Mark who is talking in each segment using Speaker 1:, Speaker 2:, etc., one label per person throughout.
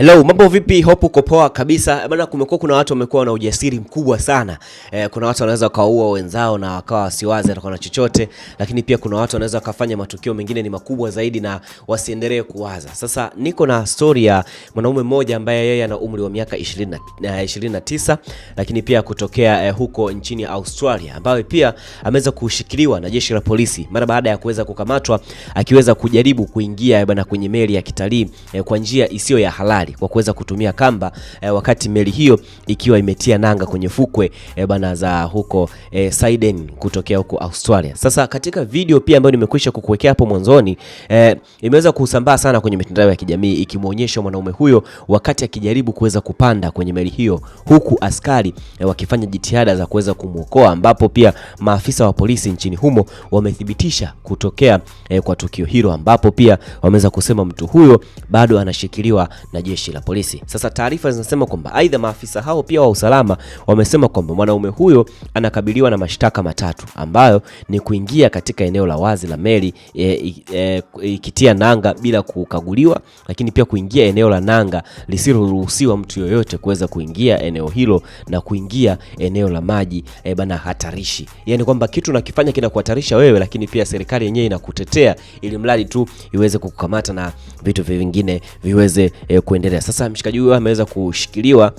Speaker 1: Hello, mambo vipi? Hope uko poa kabisa. Maana eh, kumekuwa kuna watu wamekuwa na ujasiri mkubwa sana. E, kuna watu wanaweza wakaua wenzao na wakawa wasiwaze na chochote, lakini pia kuna watu wanaweza wakafanya matukio mengine ni makubwa zaidi na wasiendelee kuwaza. Sasa niko na story ya mwanaume mmoja ambaye yeye ana umri wa miaka 20 29, eh, lakini pia kutokea eh, huko nchini Australia ambaye pia ameweza kushikiliwa na jeshi la polisi mara baada ya kuweza kukamatwa akiweza kujaribu kuingia bana kwenye meli ya kitalii eh, kwa njia isiyo ya halali hatari kwa kuweza kutumia kamba e, wakati meli hiyo ikiwa imetia nanga kwenye fukwe e, bana za huko e, eh, Sydney kutokea huko Australia. Sasa katika video pia ambayo nimekwisha kukuwekea hapo mwanzoni e, imeweza kusambaa sana kwenye mitandao ya kijamii ikimwonyesha mwanaume huyo wakati akijaribu kuweza kupanda kwenye meli hiyo huku askari e, wakifanya jitihada za kuweza kumwokoa ambapo pia maafisa wa polisi nchini humo wamethibitisha kutokea e, kwa tukio hilo ambapo pia wameweza kusema mtu huyo bado anashikiliwa na jeshi jeshi la polisi. Sasa taarifa zinasema kwamba aidha maafisa hao pia wa usalama wamesema kwamba mwanaume huyo anakabiliwa na mashtaka matatu ambayo ni kuingia katika eneo la wazi la meli ikitia e, e, ikitia nanga bila kukaguliwa, lakini pia kuingia eneo la nanga lisiloruhusiwa mtu yoyote kuweza kuingia eneo hilo na kuingia eneo la maji e, bana hatarishi. Yaani kwamba kitu nakifanya kinakuhatarisha wewe, lakini pia serikali yenyewe inakutetea ili mradi tu iweze kukukamata na vitu vingine viweze e, kuendelea. Sasa mshikaji huyo ameweza kushikiliwa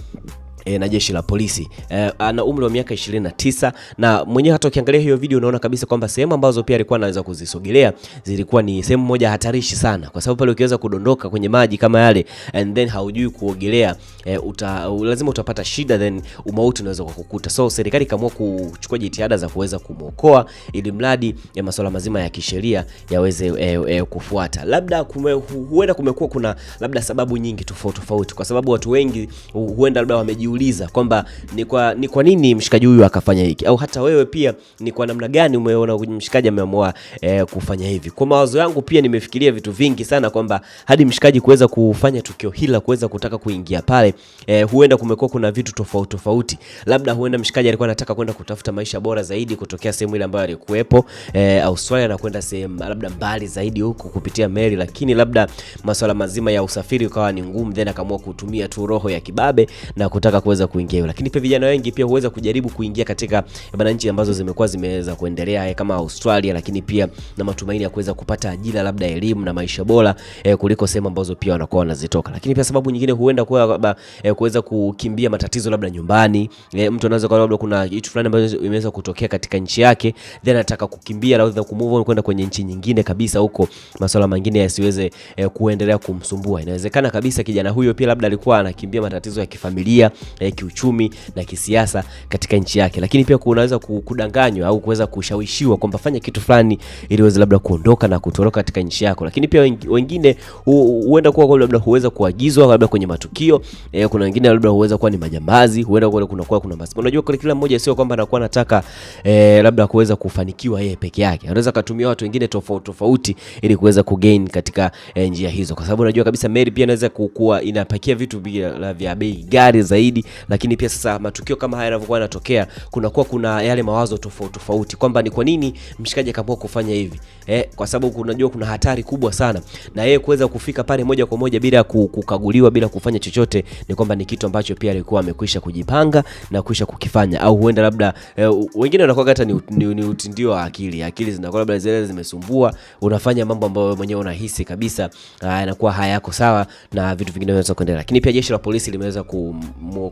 Speaker 1: E, na jeshi la polisi e, ana umri wa miaka 29 na mwenyewe hata ukiangalia hiyo video unaona kabisa kwamba sehemu ambazo pia alikuwa anaweza kuzisogelea zilikuwa ni sehemu moja hatarishi sana, kwa sababu pale ukiweza kudondoka kwenye maji kama yale and then haujui kuogelea e, uta, lazima utapata shida then umauti unaweza kukukuta. So serikali ikaamua kuchukua jitihada za kuweza kumwokoa ili mradi ya masuala mazima ya kisheria yaweze e, e, kufuata. Labda kume, huenda kumekuwa kuna labda sababu nyingi tofauti tofauti, kwa sababu watu wengi huenda labda wamejiuliza kujiuliza kwamba ni kwa, ni kwa nini mshikaji huyu akafanya hiki, au hata wewe pia ni kwa namna gani umeona mshikaji ameamua eh, kufanya hivi. Kwa mawazo yangu pia nimefikiria vitu vingi sana kwamba hadi mshikaji kuweza kufanya tukio hili la kuweza kutaka kuingia pale eh, huenda kumekuwa kuna vitu tofauti tofauti, labda huenda mshikaji alikuwa anataka kwenda kutafuta maisha bora zaidi kutokea sehemu ile ambayo alikuwepo eh, Australia na kwenda sehemu labda mbali zaidi huko kupitia meli, lakini labda masuala mazima ya usafiri ukawa ni ngumu, then akaamua kutumia tu roho ya kibabe na kutaka kuweza kuingia hiyo, lakini pia vijana wengi pia huweza kujaribu kuingia katika eh, bana nchi ambazo zimekuwa zimeweza kuendelea eh, kama Australia, lakini pia na matumaini ya kuweza kupata ajira, labda elimu na maisha bora eh, kuliko sehemu ambazo pia wanakuwa wanazitoka. Lakini pia sababu nyingine huenda kuwa eh, kuweza kukimbia matatizo labda nyumbani eh, mtu anaweza kwa labda kuna kitu fulani ambacho imeweza kutokea katika nchi yake, then anataka kukimbia au kumove on kwenda kwenye nchi nyingine kabisa, huko masuala mengine yasiweze eh, kuendelea kumsumbua. Inawezekana kabisa kijana huyo pia labda alikuwa anakimbia matatizo ya kifamilia eh, kiuchumi na kisiasa katika nchi yake, lakini pia kunaweza kudanganywa au kuweza kushawishiwa kwamba fanya kitu fulani ili uweze labda kuondoka na kutoroka katika nchi yako. Lakini pia wengine huenda kuwa labda huweza kuagizwa labda kwenye matukio eh, kuna wengine labda huweza kuwa ni majambazi, huenda kuna kuna kuwa kuna maskini. Unajua kwa kila mmoja sio kwamba anakuwa anataka eh, labda kuweza kufanikiwa yeye peke yake, anaweza kutumia watu wengine tofauti tofauti ili kuweza kugain katika eh, njia hizo, kwa sababu unajua kabisa Mary pia anaweza kukua inapakia vitu vya bei gari zaidi zaidi, lakini pia sasa matukio kama haya yanavyokuwa yanatokea, kunakuwa kuna yale mawazo tofauti tofauti kwamba ni kwa nini mshikaji akaamua kufanya hivi eh, kwa sababu unajua kuna hatari kubwa sana, na yeye kuweza kufika pale moja kwa moja bila kukaguliwa bila kufanya chochote, ni kwamba ni kitu ambacho pia alikuwa amekwisha kujipanga na kwisha kukifanya, au huenda labda eh, wengine wanakuwa hata ni, ni, ni utindio wa akili, akili zinakuwa labda zile zimesumbua, unafanya mambo ambayo mwenyewe unahisi kabisa ah, yanakuwa hayako sawa na vitu vingine vinaweza kuendelea, lakini pia jeshi la polisi limeweza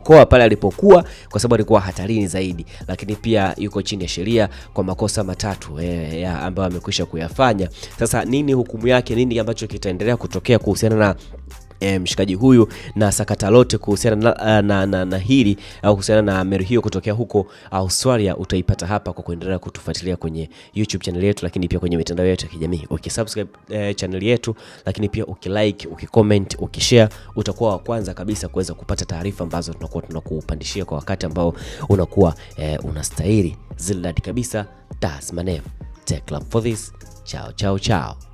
Speaker 1: kumwokoa pale alipokuwa, kwa sababu alikuwa hatarini zaidi, lakini pia yuko chini ya sheria kwa makosa matatu e, ambayo amekwisha kuyafanya. Sasa nini hukumu yake? Nini ambacho kitaendelea kutokea kuhusiana na Eh, mshikaji huyu na sakata lote kuhusiana na, eh, na, na, na hili au eh, kuhusiana na meli hiyo kutokea huko Australia utaipata hapa kwa kuendelea kutufuatilia kwenye YouTube channel yetu, lakini pia kwenye mitandao yetu ya kijamii ukisubscribe eh, channel yetu, lakini pia ukilike, ukicomment, ukishare utakuwa wa kwanza kabisa kuweza kupata taarifa ambazo tunakuwa tunakupandishia kwa wakati ambao unakuwa eh, unastahili. Zildad kabisa, Tasmania. Tech Club for this. Chao chao chao.